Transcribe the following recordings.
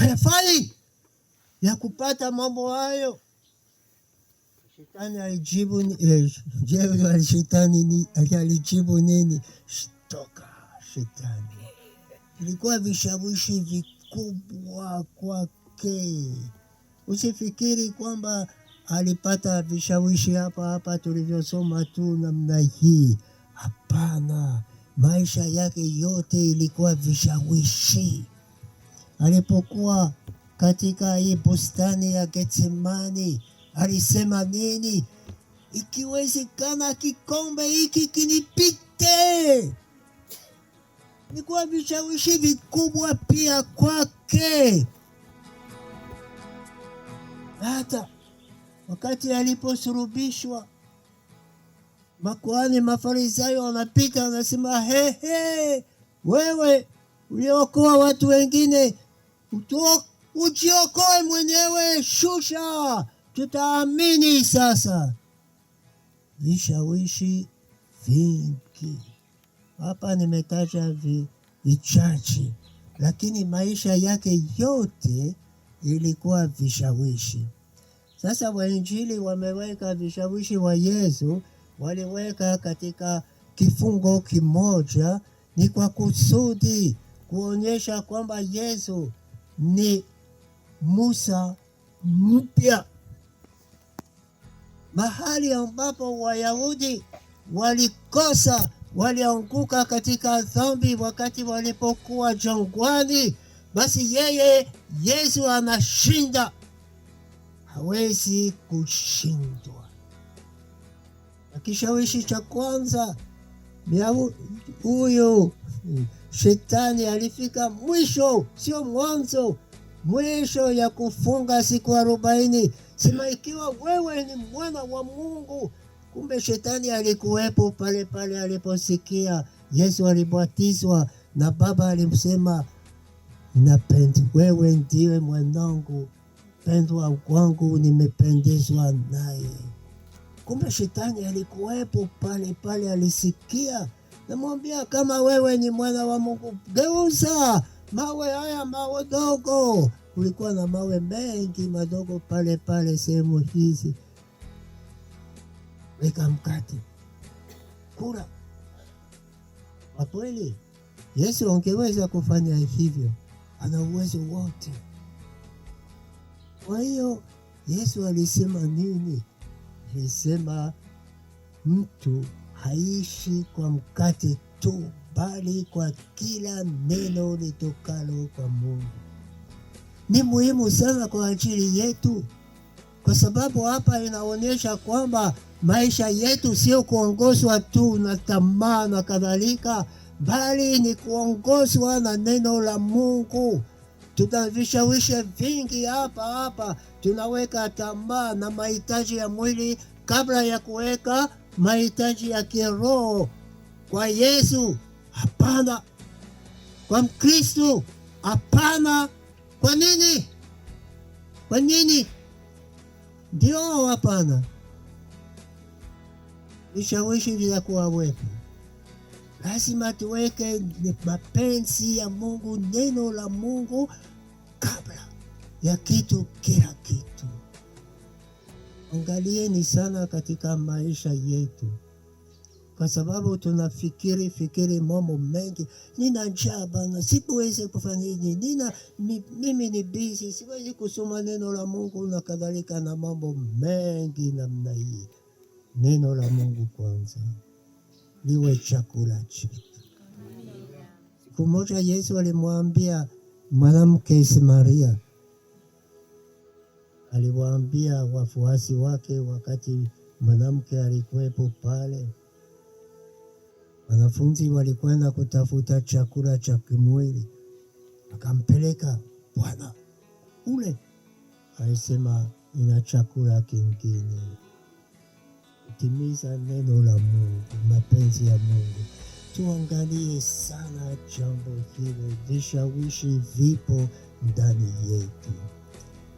hayafai ya kupata mambo hayo. Shetani alijibu eh, jeuri wa alijibu nini? Shtoka shetani, ilikuwa vishawishi vikubwa kwake. Usifikiri kwamba alipata vishawishi hapa hapa tulivyosoma tu namna hii. Hapana, maisha yake yote ilikuwa vishawishi alipokuwa katika hii bustani ya Getsemani alisema nini? Ikiwezekana kikombe hiki kinipite. Ni kwa vishawishi vikubwa pia kwake. Hata wakati aliposurubishwa, makuhani Mafarisayo wanapita wanasema, hehe, wewe uliokoa watu wengine ujiokoe mwenyewe, shusha, tutaamini sasa. Vishawishi vingi hapa, nimetaja vichache, lakini maisha yake yote ilikuwa vishawishi. Sasa wainjili wameweka vishawishi wa Yesu, waliweka katika kifungo kimoja, ni kwa kusudi kuonyesha kwamba Yesu ni Musa mpya, mahali ambapo Wayahudi walikosa, walianguka katika dhambi wakati walipokuwa jangwani. Basi yeye Yesu anashinda, hawezi kushindwa. Na kishawishi cha kwanza huyu Shetani alifika mwisho, sio mwanzo, mwisho ya kufunga siku arobaini. Sema ikiwa wewe ni mwana wa Mungu. Kumbe shetani alikuwepo pale pale aliposikia Yesu alibatizwa na Baba alimsema, napendi wewe, ndiwe mwanangu pendwa kwangu, nimependezwa naye. Kumbe shetani alikuwepo pale pale, alisikia namwambia kama wewe ni mwana wa Mungu, geuza mawe haya mawe dogo. Kulikuwa na mawe mengi madogo pale pale sehemu hizi, weka mkate, kula. Kwa kweli Yesu angeweza kufanya hivyo, ana uwezo wote. Kwa hiyo Yesu alisema nini? Alisema mtu haishi kwa mkate tu, bali kwa kila neno litokalo kwa Mungu. Ni muhimu sana kwa ajili yetu, kwa sababu hapa inaonyesha kwamba maisha yetu sio kuongozwa tu na tamaa na kadhalika, bali ni kuongozwa na neno la Mungu. Tunavishawisha vingi hapa hapa, tunaweka tamaa na mahitaji ya mwili kabla ya kuweka mahitaji ya kiroho kwa Yesu? Hapana. Kwa Mkristo? Hapana. Kwa nini? Kwa nini? Ndio, hapana. Vishawishi vinakuwawepo, lazima tuweke mapenzi ya Mungu, neno la Mungu kabla ya kitu, kila kitu angalieni sana katika maisha yetu, kwa sababu tunafikiri fikiri mambo mengi. Nina njaa bana, sikuwezi kufanya nina mimi ni bizi, siwezi kusoma neno la Mungu na kadhalika, na mambo mengi namna hii. Neno la Mungu kwanza liwe chakula chetu. Siku moja Yesu alimwambia mwanamke Samaria aliwaambia wafuasi wake wakati mwanamke alikuwepo pale. Wanafunzi walikwenda kutafuta chakula cha kimwili, akampeleka Bwana, ule alisema, ina chakula kingine, kutimiza neno la Mungu, mapenzi ya Mungu. Tuangalie sana jambo hilo, vishawishi vipo ndani yetu.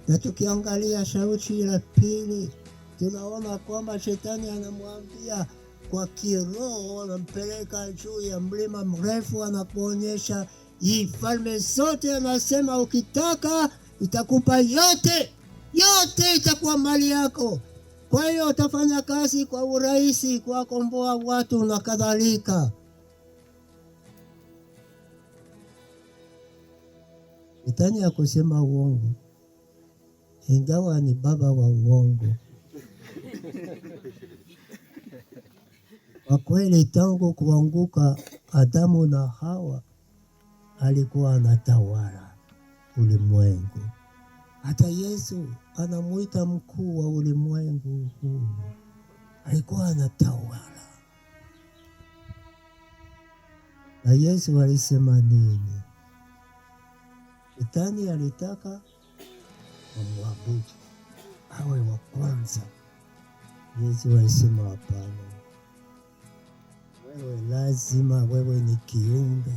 Na tukiangalia Saruti la pili, tunaona kwamba shetani anamwambia kwa kiroho, anampeleka juu ya mlima mrefu, anakuonyesha hii falme zote, anasema ukitaka itakupa yote, yote itakuwa mali yako. Kwa hiyo utafanya kazi kwa urahisi, kuwakomboa watu na kadhalika. Shetani ya kusema uongo ingawa ni baba wa uongo. Kwa kweli, tangu kuanguka Adamu na Hawa alikuwa anatawala ulimwengu. Hata Yesu anamwita mkuu wa ulimwengu huu, alikuwa anatawala. Na Yesu alisema nini? Shetani alitaka wamwabudu, awe wa kwanza. Yesu alisema hapana, wewe lazima, wewe ni kiumbe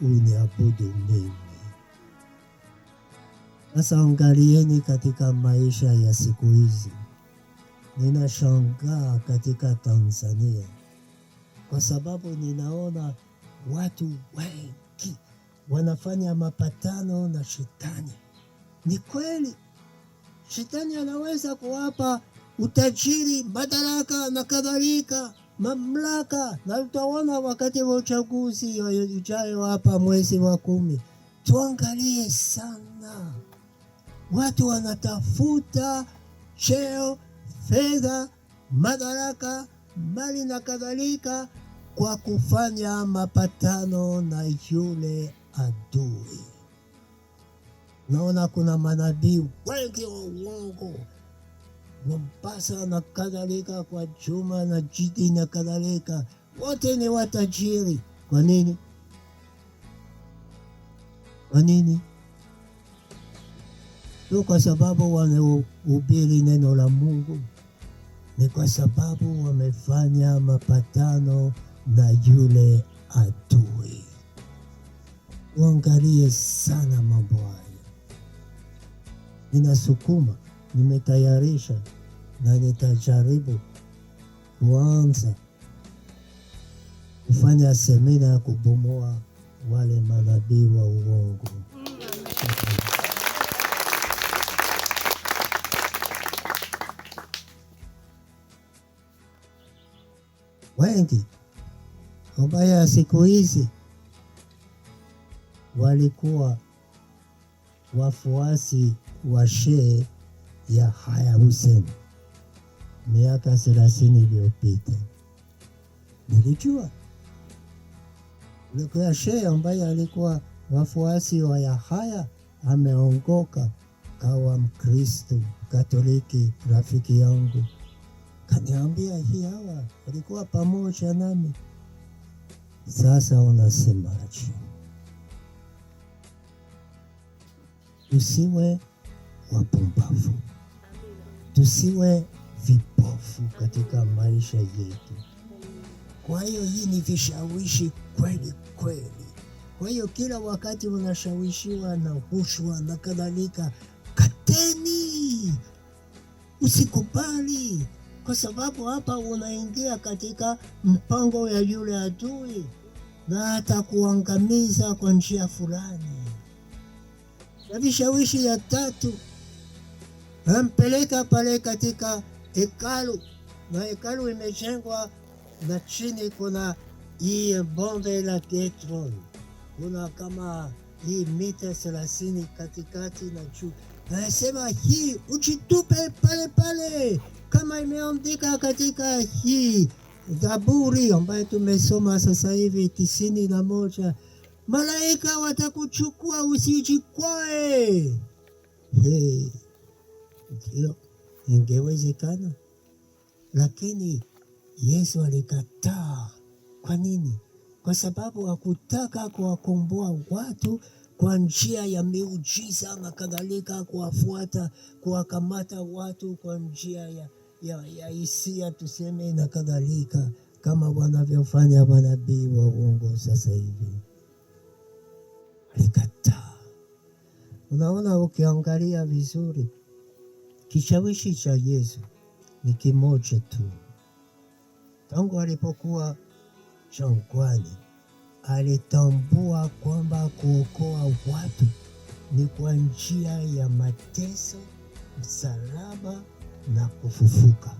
uniabudu mimi. Sasa angalieni katika maisha ya siku hizi, ninashangaa katika Tanzania kwa sababu ninaona watu wengi wanafanya mapatano na shetani. Ni kweli shetani anaweza kuwapa utajiri, madaraka na kadhalika, mamlaka, na utaona wakati wa uchaguzi ujayo hapa mwezi wa kumi. Tuangalie sana, watu wanatafuta cheo, fedha, madaraka, mali na kadhalika, kwa kufanya mapatano na yule adui naona kuna manabii wengi wa uongo Mombasa na kadhalika, kwa Juma na Jidi na kadhalika, wote ni watajiri. Kwa nini? Kwa nini? Tu kwa sababu wamehubiri neno la Mungu, ni kwa sababu wamefanya mapatano na yule adui. Uangalie sana mambo haya ninasukuma, nimetayarisha na nitajaribu kuanza kufanya semina ya kubomoa wale manabii wa uongo. Wengi ambaye siku hizi walikuwa wafuasi wa Shehe Yahya Hussein miaka 30 iliyopita. Nilijua ulikuwa shehe ambaye alikuwa wafuasi wa Yahya ameongoka, kawa Mkristo Katoliki. Rafiki yangu kaniambia hii, hawa walikuwa pamoja nami. Sasa unasemaje? Tusiwe wapumbavu, tusiwe vipofu katika maisha yetu. Kwa hiyo hii ni vishawishi kweli kweli. Kwa hiyo kila wakati unashawishiwa na hushwa na kadhalika, kateni, usikubali, kwa sababu hapa unaingia katika mpango ya yule adui na atakuangamiza kwa njia fulani na vishawishi ya tatu, wampeleka pale katika hekalu, na hekalu imejengwa na chini kuna hii bombe la Getroni, kuna kama hii mita thelathini katikati na juu. Anasema hii uchitupe pale pale, kama imeandika katika hii Zaburi ambayo tumesoma sasa hivi tisini na moja malaika watakuchukua usijikwae. Hey, ndio ingewezekana, lakini Yesu alikataa. Kwa nini? Kwa sababu hakutaka kuwakomboa watu kwa njia ya miujiza na kadhalika, kuwafuata kuwakamata watu kwa njia ya, ya, ya hisia tuseme na kadhalika, kama wanavyofanya manabii wa uongo sasa hivi. Alikataa. Unaona, ukiangalia vizuri, kishawishi cha Yesu ni kimoja tu. Tangu alipokuwa jangwani, alitambua kwamba kuokoa watu ni kwa njia ya mateso, msalaba na kufufuka.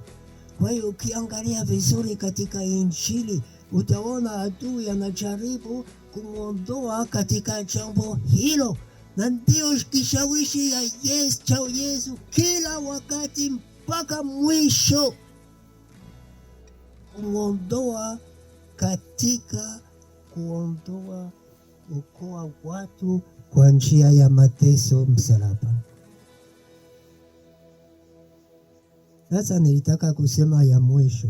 Kwa hiyo ukiangalia vizuri katika Injili utaona adui anajaribu kumwondoa katika jambo hilo, na ndiyo kishawishi ya yes, cha Yesu kila wakati mpaka mwisho, kumwondoa katika kuondoa ukoa watu kwa njia ya mateso msalaba. Sasa nilitaka kusema ya mwisho.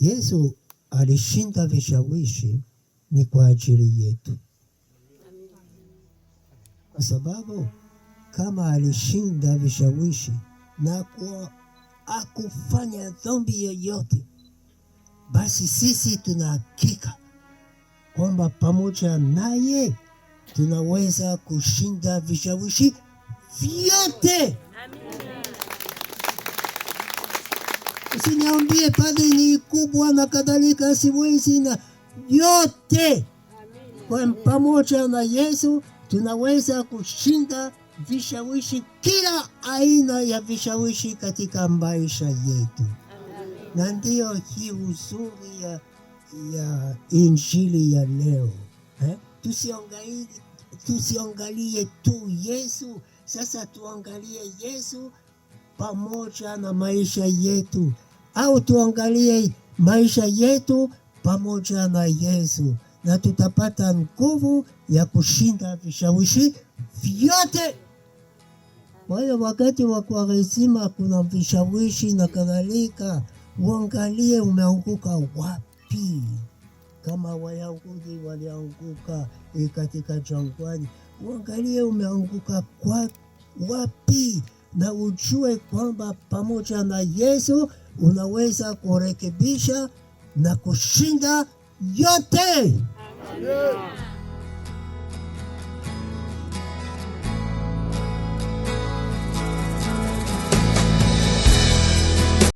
Yesu alishinda vishawishi ni kwa ajili yetu, kwa sababu kama alishinda vishawishi na kwa akufanya dhambi yoyote, basi sisi tunahakika kwamba pamoja naye tunaweza kushinda vishawishi vyote. usiniambie padri ni kubwa na kadhalika, siwezi na yote. Kwa pamoja na Yesu tunaweza kushinda vishawishi, kila aina ya vishawishi katika maisha yetu, na ndiyo hii uzuri ya, ya injili ya leo eh? Tusiangalie, tusiangalie tu Yesu sasa, tuangalie Yesu pamoja na maisha yetu au tuangalie maisha yetu pamoja na Yesu, na tutapata nguvu ya kushinda vishawishi vyote. Kwa hiyo wakati wa Kwaresima kuna vishawishi na kadhalika, uangalie umeanguka wapi, kama Wayahudi walianguka eh, katika jangwani, uangalie umeanguka kwa wapi, na ujue kwamba pamoja na Yesu unaweza kurekebisha na kushinda yote. Amen.